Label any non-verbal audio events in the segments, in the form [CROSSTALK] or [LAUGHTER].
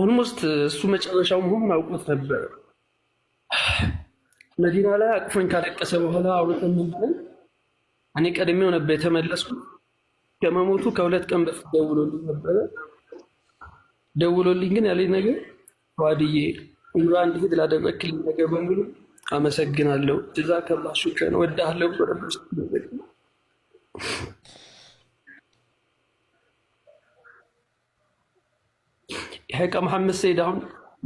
ኦልሞስት እሱ መጨረሻው መሆኑን አውቆት ነበር። [SIGHS] መዲና ላይ አቅፎኝ ካለቀሰ በኋላ አውርተን ምንድን እኔ ቀድሜው ነበር የተመለስኩ። ከመሞቱ ከሁለት ቀን በፊት ደውሎልኝ ነበረ። ደውሎልኝ ግን ያለኝ ነገር ዋድዬ ኑራ እንድሄድ ላደረክልኝ ነገር በሙሉ አመሰግናለሁ። እዛ ከላሹ ወዳለው ወዳለው ሄቀ መሐመድ ሰይድ አሁን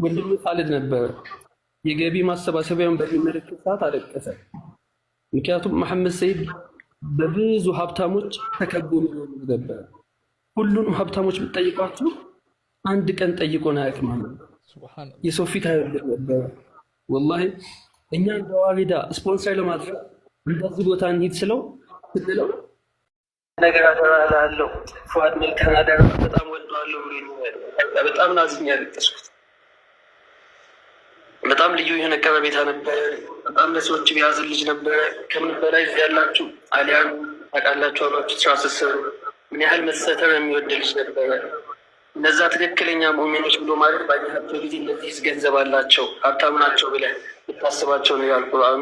ወንድም ካለድ ነበረ የገቢ ማሰባሰቢያውን በሚመለከት ሰዓት አለቀሰ። ምክንያቱም መሐመድ ሰይድ በብዙ ሀብታሞች ተከቦ የሚሆኑ ነበረ። ሁሉንም ሀብታሞች የምጠይቋቸው አንድ ቀን ጠይቆን አያውቅም። የሰው ፊት አይወድም ነበረ። ወላሂ እኛ እንደ ስፖንሰር ለማድረግ እንደዚህ ቦታ እንሂድ ስለው ስንለው ነገር አደራላለሁ ፍዋድ ፉአድ አደራ በጣም ወደዋለሁ ብሎኛል። በጣም ናዝኛ ያለቀስኩት በጣም ልዩ የሆነ ቀረቤታ ነበረ። በጣም ለሰዎች የያዘ ልጅ ነበረ። ከምን በላይ እዚህ ያላችሁ አሊያን ታውቃላችሁ አሏችሁ ስራ ስትሰሩ ምን ያህል መሰተር የሚወድ ልጅ ነበረ። እነዛ ትክክለኛ ሙሚኖች ብሎ ማለት ባየሃቸው ጊዜ እነዚህ ገንዘብ አላቸው ሀብታም ናቸው ብለህ ልታስባቸው ነው ይላል ቁርአኑ።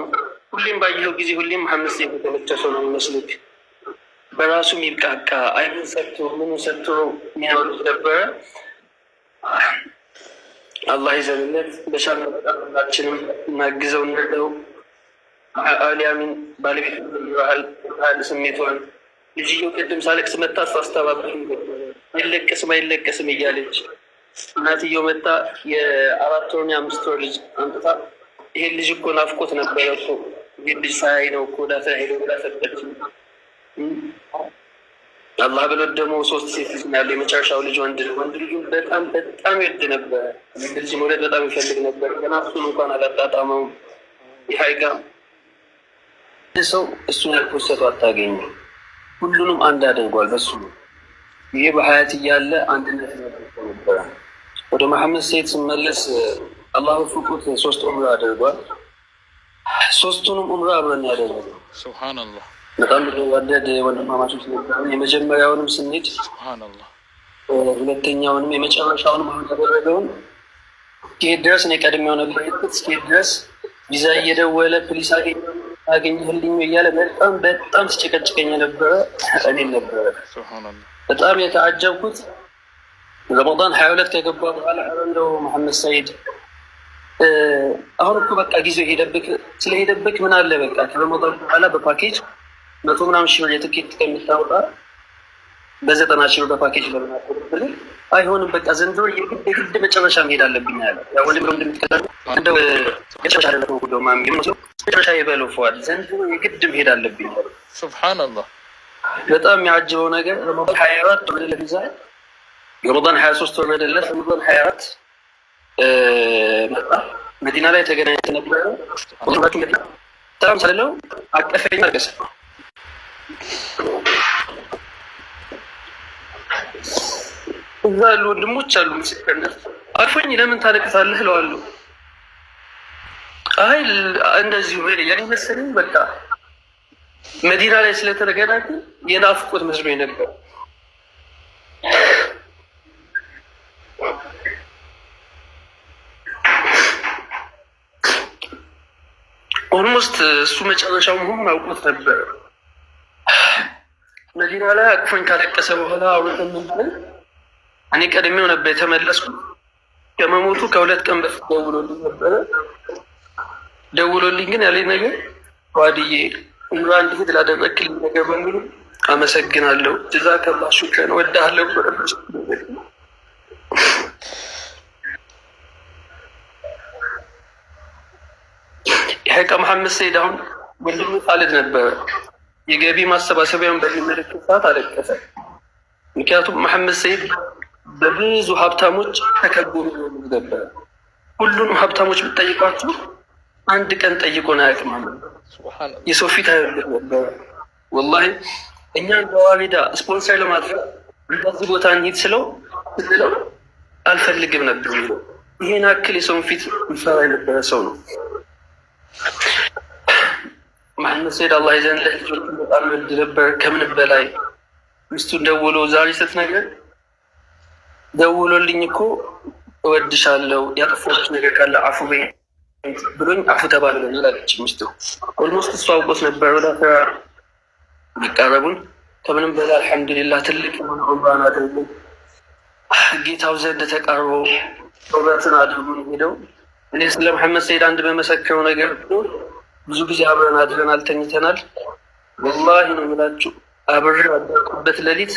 ሁሌም ባየኸው ጊዜ ሁሌም ሐምስ የተመቸ ነው የሚመስልህ በራሱ የሚብቃቃ አይኑን ሰጥቶ ምኑ ሰጥቶ የሚኖሩት ነበረ። አላህ ይዘንለት። በሻል መጣላችንም እናግዘው እንርደው። አሊያሚን ባለቤት ባህል ስሜቷን ልጅየው ቅድም ሳለቅስ መጣ ሳስተባብ አይለቀስም አይለቀስም እያለች እናትየው መጣ። የአራት ወር የአምስት ወር ልጅ አምጥታ ይሄን ልጅ እኮ ናፍቆት ነበረ እኮ ይህን ልጅ ሳያይ ነው እኮ ዳተ ሄደ ዳተበት አላህ ብሎት ደግሞ ሶስት ሴት ልጅ ያለ የመጨረሻው ልጅ ወንድ ልጅ ወንድ ልጁ በጣም በጣም ይወድ ነበረ። ልጅ መውለድ በጣም ይፈልግ ነበር። ገና እሱን እንኳን አላጣጣመውም። ይሀይጋ ሰው እሱን ያልኮሰቱ አታገኙ። ሁሉንም አንድ አድርጓል። በሱ ይሄ በሀያት እያለ አንድነት ነበረ። ወደ መሐመድ ሴት ስመለስ አላሁ ፍቁት ሶስት ኡምራ አድርጓል። ሶስቱንም ኡምራ አብረን ያደረገ ሱብሃነላህ በጣም ብዙ ወለድ ወንድማማቾች ነበሩ። የመጀመሪያውንም ስንሄድ ሁለተኛውንም የመጨረሻውን ያደረገውን እስኪሄድ ድረስ ነው የቀድሜው ነበር የሄድኩት። እስኪሄድ ድረስ ቪዛ እየደወለ ፕሊስ አገኘህልኝ እያለ በጣም በጣም ሲጨቀጭቀኝ የነበረ እኔን ነበረ። በጣም የተዓጀብኩት ረመዳን ሀያ ሁለት ከገባ በኋላ እንደው መሐመድ ሰይድ አሁን እኮ በቃ ጊዜው ሄደብክ ስለሄደብክ ምን አለ በቃ ከረመዳን በኋላ በፓኬጅ መቶ ምናምን ሺህ ብር የትኬት ከሚታወጣ በዘጠና ሺህ ብር በፓኬጅ ለምናቆብል አይሆንም። በቃ ዘንድሮ የግድ መጨረሻ መሄድ አለብኝ ያለ ወንድም ነው እንደሚከላል እንደው መጨረሻ ደለ ጉደማ የሚመስለው መጨረሻ የበለፈዋል ዘንድሮ የግድ መሄድ አለብኝ ያለ ሱብሓነላህ። በጣም የሚያጅበው ነገር ረመን ሀያ አራት ወደ ቪዛ ረመዳን ሀያ ሶስት ወደ ረመን ረመዳን ሀያ አራት መጣ መዲና ላይ ተገናኝተን ነበረ። ሰላም ስለለው አቀፈኝ አልገሰ እዛ ያሉ ወንድሞች አሉ። ሲቀነስ አልፎኝ ለምን ታለቅሳለህ እለዋለሁ። አይ እንደዚሁ ያኔ መሰለኝ በቃ መዲና ላይ ስለተገናኘን የናፍቆት መስሎኝ ነበር። ኦልሞስት እሱ መጨረሻው መሆኑን አውቆት ነበር። ከዚህ በኋላ እኩኝ ካለቀሰ በኋላ አውርተ ምንድን እኔ ቀድሜው ነበር የተመለስኩ። ከመሞቱ ከሁለት ቀን በፊት ደውሎልኝ ነበረ። ደውሎልኝ ግን ያለኝ ነገር ዋድዬ ኡምራ እንዲሄድ ላደረክልኝ ነገር በሙሉ አመሰግናለሁ። እዛ ከላ ሹክረን ወዳለሁ። የሀይቃ መሐመድ ሰይድ አሁን ወንድም ጣልድ ነበረ የገቢ ማሰባሰቢያን በሚመለከት ሰዓት አለቀሰ። ምክንያቱም መሐመድ ሰይድ በብዙ ሀብታሞች ተከቦ ሚሆኑ ነበር። ሁሉንም ሀብታሞች ብትጠይቋቸው አንድ ቀን ጠይቆን አያውቅም። የሰው ፊት አይልም ነበር። ወላሂ እኛ በዋቤዳ ስፖንሰር ለማድረግ እንደዚህ ቦታ እንሂድ ስለው ስንለው አልፈልግም ነበር የሚለው። ይሄን አክል የሰውን ፊት ምሰራ የነበረ ሰው ነው። ማንስ ሄድ አላህ ይዘን ልጆቹ በጣም ወድ ነበር ከምን በላይ ሚስቱን ደውሎ ዛሬ ስት ነገር ደውሎልኝ እኮ እወድሻለሁ ያጠፋሁት ነገር ካለ አፉ በይ ብሎኝ አፉ ተባለ ላለች ሚስቱ። ኦልሞስት እሱ አውቆት ነበር ወደ አራ መቃረቡን። ከምንም በላይ አልሐምዱሊላህ ትልቅ የሆነ ዑምራን አድርጎ ጌታው ዘንድ ተቃርቦ ተውበትን አድርጎ ሄደው። እኔ ስለ መሐመድ ሰይድ አንድ በመሰከረው ነገር ብዙ ጊዜ አብረን አድረናል፣ ተኝተናል። ወላሂ ነው የምላችሁ አብሬ አደርኩበት ሌሊት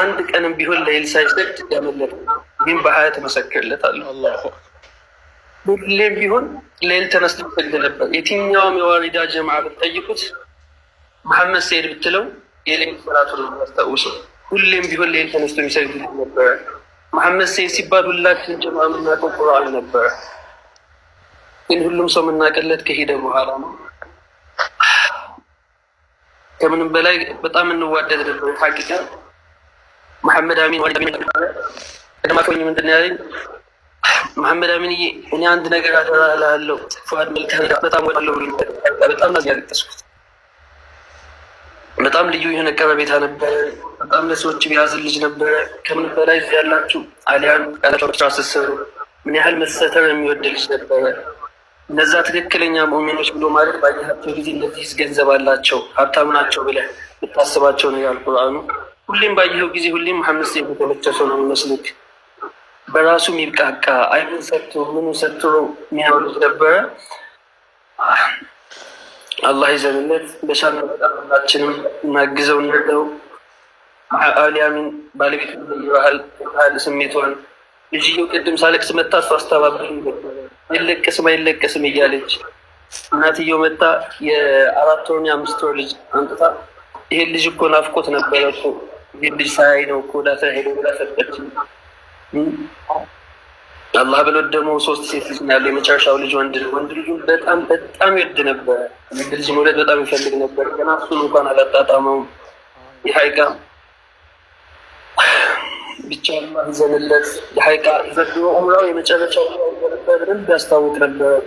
አንድ ቀንም ቢሆን ለይል ሳይሰግድ ያመለጠ ይህም በሀያ ተመሰክርለታለሁ። ሁሌም ቢሆን ለይል ተነስቶ ሰግድ ነበር። የትኛውም የዋሪዳ ጀማዓ ብትጠይቁት መሐመድ ሰይድ ብትለው የሌል ሰላቱ ያስታውሰው። ሁሌም ቢሆን ለይል ተነስቶ የሚሰግድ ነበረ። መሐመድ ሰይድ ሲባል ሁላችን ጀማዓ የምናውቀው ቁርአን ነበር። ግን ሁሉም ሰው የምናቀለት ከሄደ በኋላ ነው። ከምንም በላይ በጣም እንዋደድ ነበር። ሀቂቃ መሐመድ አሚን ቀደማከኝ ምንድን ያለኝ መሐመድ አሚንዬ እኔ አንድ ነገር አደራላለሁ ፉአድ መልካም በጣም ወዳለሁ በጣም ነው ያለቀስኩት በጣም ልዩ የሆነ ቀረቤታ ነበረ። በጣም ለሰዎች የያዝ ልጅ ነበረ። ከምን በላይ እዚህ ያላችሁ አሊያን ቃላቻዎች ራስሰሩ ምን ያህል መሰተር የሚወድ ልጅ ነበረ። እነዛ ትክክለኛ ሙሚኖች ብሎ ማለት ባየሃቸው ጊዜ እነዚህ ገንዘብ አላቸው ሀብታም ናቸው ብለህ ብታስባቸው ነው ያል ቁርአኑ። ሁሌም ባየኸው ጊዜ ሁሌም ሐምስት የተመቸ ሰው ነው የሚመስልክ። በራሱ የሚብቃቃ አይኑን ሰጥቶ ምኑ ሰጥቶ የሚያወሩት ነበረ። አላህ ይዘንለት። በሻና በጣም ሁላችንም እናግዘው እንለው። አሊያሚን ባለቤት ባህል ስሜቷን ልጅየው ቅድም ሳለቅስ መታ እሱ አስተባብር አይለቀስም አይለቀስም እያለች እናትየው መታ የአራት ወር የአምስት ወር ልጅ አንጥታ ይሄን ልጅ እኮ ናፍቆት ነበረ እኮ ይሄን ልጅ ሳያይ ነው እኮ ዳተ ሄዶ ብላ አላህ ብሎ ደግሞ ሶስት ሴት ልጅ ያለ የመጨረሻው ልጅ ወንድ ወንድ ልጁ በጣም በጣም ይወድ ነበረ። ወንድ ልጅ መውለድ በጣም ይፈልግ ነበር። ገና እሱን እንኳን አላጣጣመውም። ይሀይቃ ብቻ ማዘንለት የሀይቃ ዘንድሮ ዑምራው የመጨረሻው ነበር። በደንብ ያስታውቅ ነበር።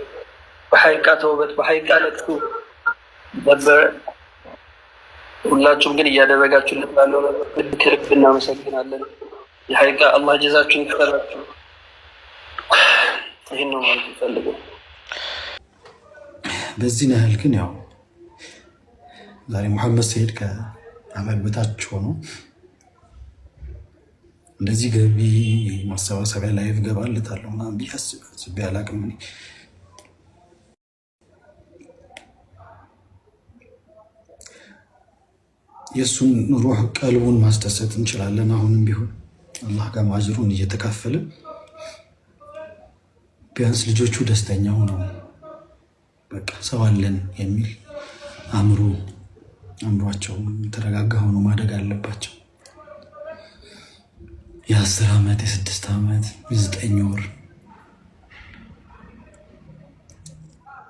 በሀይቃ ተውበት፣ በሀይቃ ለቅሶ ነበር። ሁላችሁም ግን እያደረጋችሁ ልባለው ነበር ከልብ እናመሰግናለን። የሀይቃ አላህ ጀዛችሁን ይፈራችሁ። ይህን ነው ማለት ይፈልገ በዚህ ያህል ግን ያው ዛሬ ሙሐመድ ሰሄድ ከአመል በታች ሆኖ እንደዚህ ገቢ ማሰባሰቢያ ላይፍ ገባለታለሁ ምናምን ብዬ አስቤ አላቅም። የእሱን ሩህ ቀልቡን ማስደሰት እንችላለን። አሁንም ቢሆን አላህ ጋር ማጅሩን እየተካፈልን ቢያንስ ልጆቹ ደስተኛ ሆነው በቃ ሰው አለን የሚል አእምሮ አእምሯቸው ተረጋጋ ሆኖ ማደግ አለባቸው። የአስር ዓመት የስድስት ዓመት የዘጠኝ ወር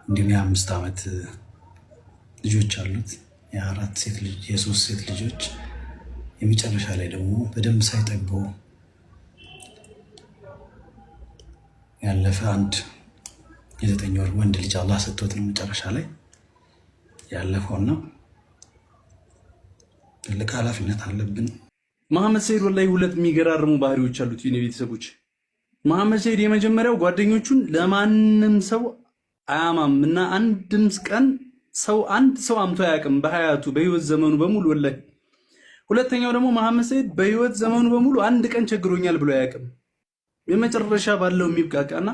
እንዲሁም የአምስት ዓመት ልጆች አሉት። የአራት ሴት ልጅ የሶስት ሴት ልጆች የመጨረሻ ላይ ደግሞ በደንብ ሳይጠግቦ ያለፈ አንድ የዘጠኝ ወር ወንድ ልጅ አላህ ሰጥቶት ነው መጨረሻ ላይ ያለፈውና ትልቅ ኃላፊነት አለብን። መሐመድ ሰይድ ወላሂ ሁለት የሚገራርሙ ባህሪዎች አሉት። የኔ ቤተሰቦች መሐመድ ሰይድ የመጀመሪያው ጓደኞቹን ለማንም ሰው አያማም እና አንድም ቀን ሰው አንድ ሰው አምቶ አያውቅም በሀያቱ በህይወት ዘመኑ በሙሉ ወላሂ። ሁለተኛው ደግሞ መሐመድ ሰይድ በህይወት ዘመኑ በሙሉ አንድ ቀን ቸግሮኛል ብሎ አያውቅም። የመጨረሻ ባለው የሚብቃቃና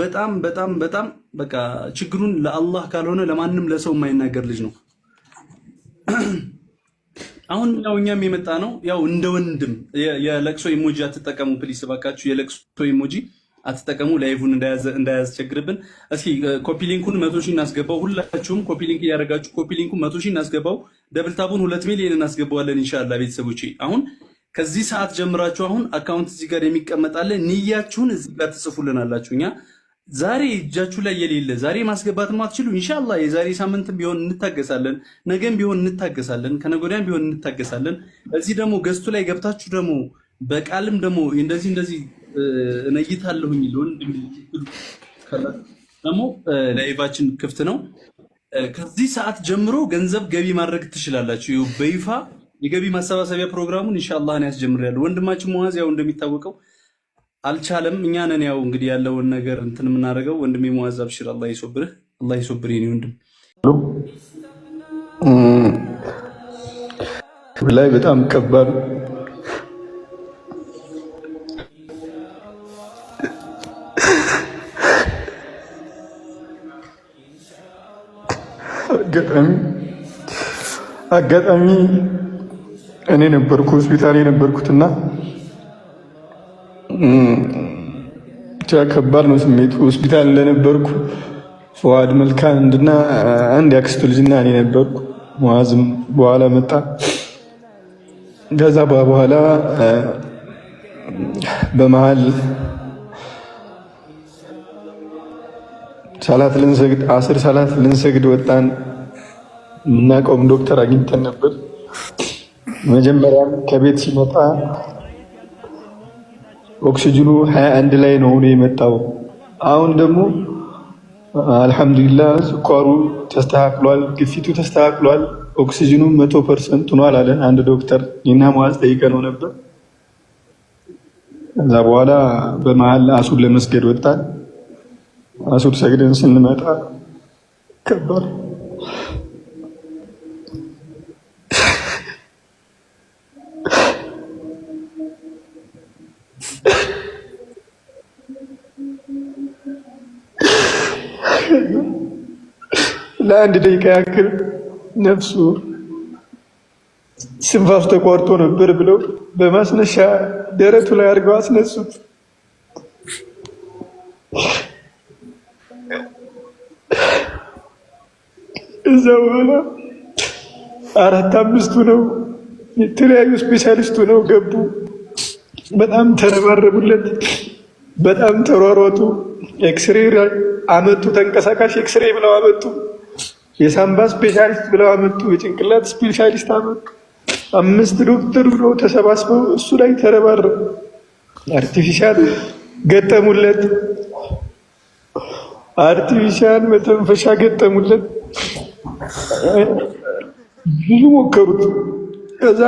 በጣም በጣም በጣም በቃ ችግሩን ለአላህ ካልሆነ ለማንም ለሰው የማይናገር ልጅ ነው። አሁን ያው እኛም የመጣ ነው ያው እንደ ወንድም የለቅሶ ኢሞጂ አትጠቀሙ ፕሊስ እባካችሁ፣ የለቅሶ ኢሞጂ አትጠቀሙ። ላይቭን እንዳያስቸግርብን እስኪ ኮፒ ሊንኩን መቶ ሺህ እናስገባው። ሁላችሁም ኮፒ ሊንክ እያደረጋችሁ ኮፒ ሊንኩን መቶ ሺህ እናስገባው። ደብል ታቡን ሁለት ሚሊዮን እናስገባዋለን ኢንሻላ ቤተሰቦች አሁን ከዚህ ሰዓት ጀምራችሁ አሁን አካውንት እዚህ ጋር የሚቀመጣለን ንያችሁን እዚህ ጋር ትጽፉልናላችሁ እኛ ዛሬ እጃችሁ ላይ የሌለ ዛሬ ማስገባት ማትችሉ እንሻላ የዛሬ ሳምንትም ቢሆን እንታገሳለን፣ ነገም ቢሆን እንታገሳለን፣ ከነጎዳያም ቢሆን እንታገሳለን። እዚህ ደግሞ ገዝቱ ላይ ገብታችሁ ደግሞ በቃልም ደግሞ እንደዚህ እንደዚህ እነይታለሁ የሚለውን ደግሞ ላይቫችን ክፍት ነው። ከዚህ ሰዓት ጀምሮ ገንዘብ ገቢ ማድረግ ትችላላችሁ። በይፋ የገቢ ማሰባሰቢያ ፕሮግራሙን ኢንሻላ ያስጀምር ያለ ወንድማችን መዋዝ ያው እንደሚታወቀው አልቻለም። እኛ ነን ያው እንግዲህ ያለውን ነገር እንትን የምናደርገው። ወንድም ሙአዝ አብሽር አላህ ይሶብርህ፣ አላህ ይሶብር የኔ ወንድም። ላይ በጣም ከባድ አጋጣሚ አጋጣሚ እኔ ነበርኩ ሆስፒታል የነበርኩትና ብቻ ከባድ ነው ስሜቱ። ሆስፒታል እንደነበርኩ ፈዋድ መልካን እንድና አንድ ያክስቱ ልጅና እኔ ነበርኩ። ሙአዝም በኋላ መጣ። ከዛ በኋላ በመሀል ሰላት ልንሰግድ አስር ሰላት ልንሰግድ ወጣን። የምናውቀውም ዶክተር አግኝተን ነበር። መጀመሪያም ከቤት ሲመጣ ኦክሲጅኑ ሀያ አንድ ላይ ነው ሆኖ የመጣው። አሁን ደግሞ አልሐምዱሊላ ስኳሩ ተስተካክሏል፣ ግፊቱ ተስተካክሏል፣ ኦክሲጅኑ መቶ ፐርሰንት ሆኗል አለን አንድ ዶክተር። እኔና መዋዝ ነው ነበር። ከዛ በኋላ በመሀል አሱድ ለመስገድ ወጣን። አሱድ ሰግደን ስንመጣ ከባድ ለአንድ ደቂቃ ያክል ነፍሱ ስንፋስ ተቋርጦ ነበር ብለው በማስነሻ ደረቱ ላይ አድርገው አስነሱት። እዛ በኋላ አራት አምስቱ ነው የተለያዩ ስፔሻሊስቱ ነው ገቡ። በጣም ተረባረቡለት፣ በጣም ተሯሯጡ። ኤክስሬ አመጡ፣ ተንቀሳቃሽ ኤክስሬ ብለው አመጡ። የሳምባ ስፔሻሊስት ብለው አመጡ፣ የጭንቅላት ስፔሻሊስት አመጡ። አምስት ዶክተር ብለው ተሰባስበው እሱ ላይ ተረባረቡ። አርቲፊሻል ገጠሙለት፣ አርቲፊሻል መተንፈሻ ገጠሙለት። ብዙ ሞከሩት። ከዛ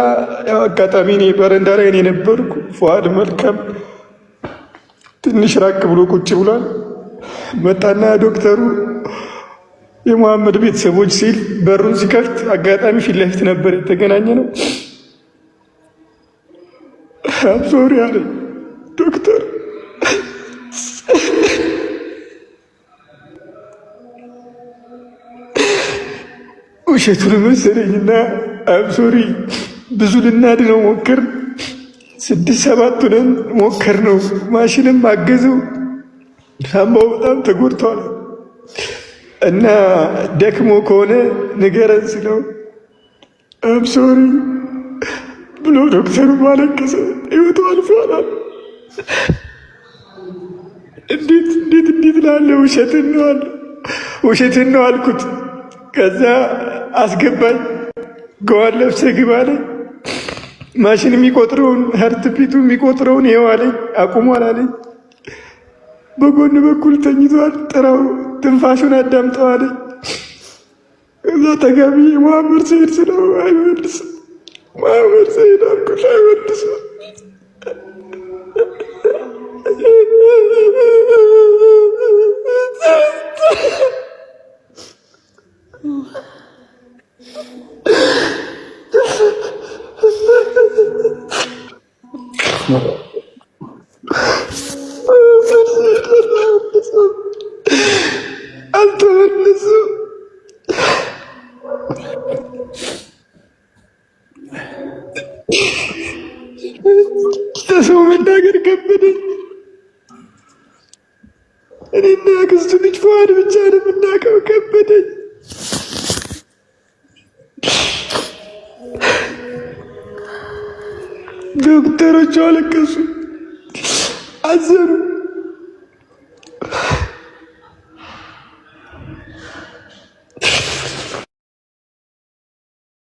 አጋጣሚ እኔ በረንዳ ላይ እኔ ነበርኩ። መልካም ትንሽ ራቅ ብሎ ቁጭ ብሏል። መጣና ዶክተሩ የሙሐመድ ቤተሰቦች ሲል በሩን ሲከፍት አጋጣሚ ፊት ለፊት ነበር የተገናኘ ነው። አብዞር ያለ ዶክተር ውሸቱን መሰለኝና አብሶሪ ብዙ ልናድነው ሞከር ስድስት ሰባት ነን ሞከር ነው። ማሽንም አገዘው ሳምባው በጣም ተጎድተዋል። እና ደክሞ ከሆነ ንገረን ስለው ሶሪ ብሎ ዶክተሩ ማለቀሰ። ህይወቱ አልፏል እንዴት እንዴት እንዴት ላለ ውሸት ነው ውሸት ነው አልኩት። ከዛ አስገባኝ። ገዋን ለብሰ ግባለ ማሽን የሚቆጥረውን ሀርትፒቱ የሚቆጥረውን ይኸው አለኝ። አቁሟል አለኝ። በጎን በኩል ተኝቷል። ጥራው ትንፋሹን አዳምጠዋል። እዛ ተገቢ መሐመድ ሰይድ ስለው አይመልስም። መሐመድ ሰይድ አኩል አይመልስም። ለሰው መናገር ከበደኝ። እኔና ክስቱ ልጅ ፈዋድ ብቻ ነው የምናውቀው። ከበደኝ። ዶክተሮቹ አለቀሱ፣ አዘኑ።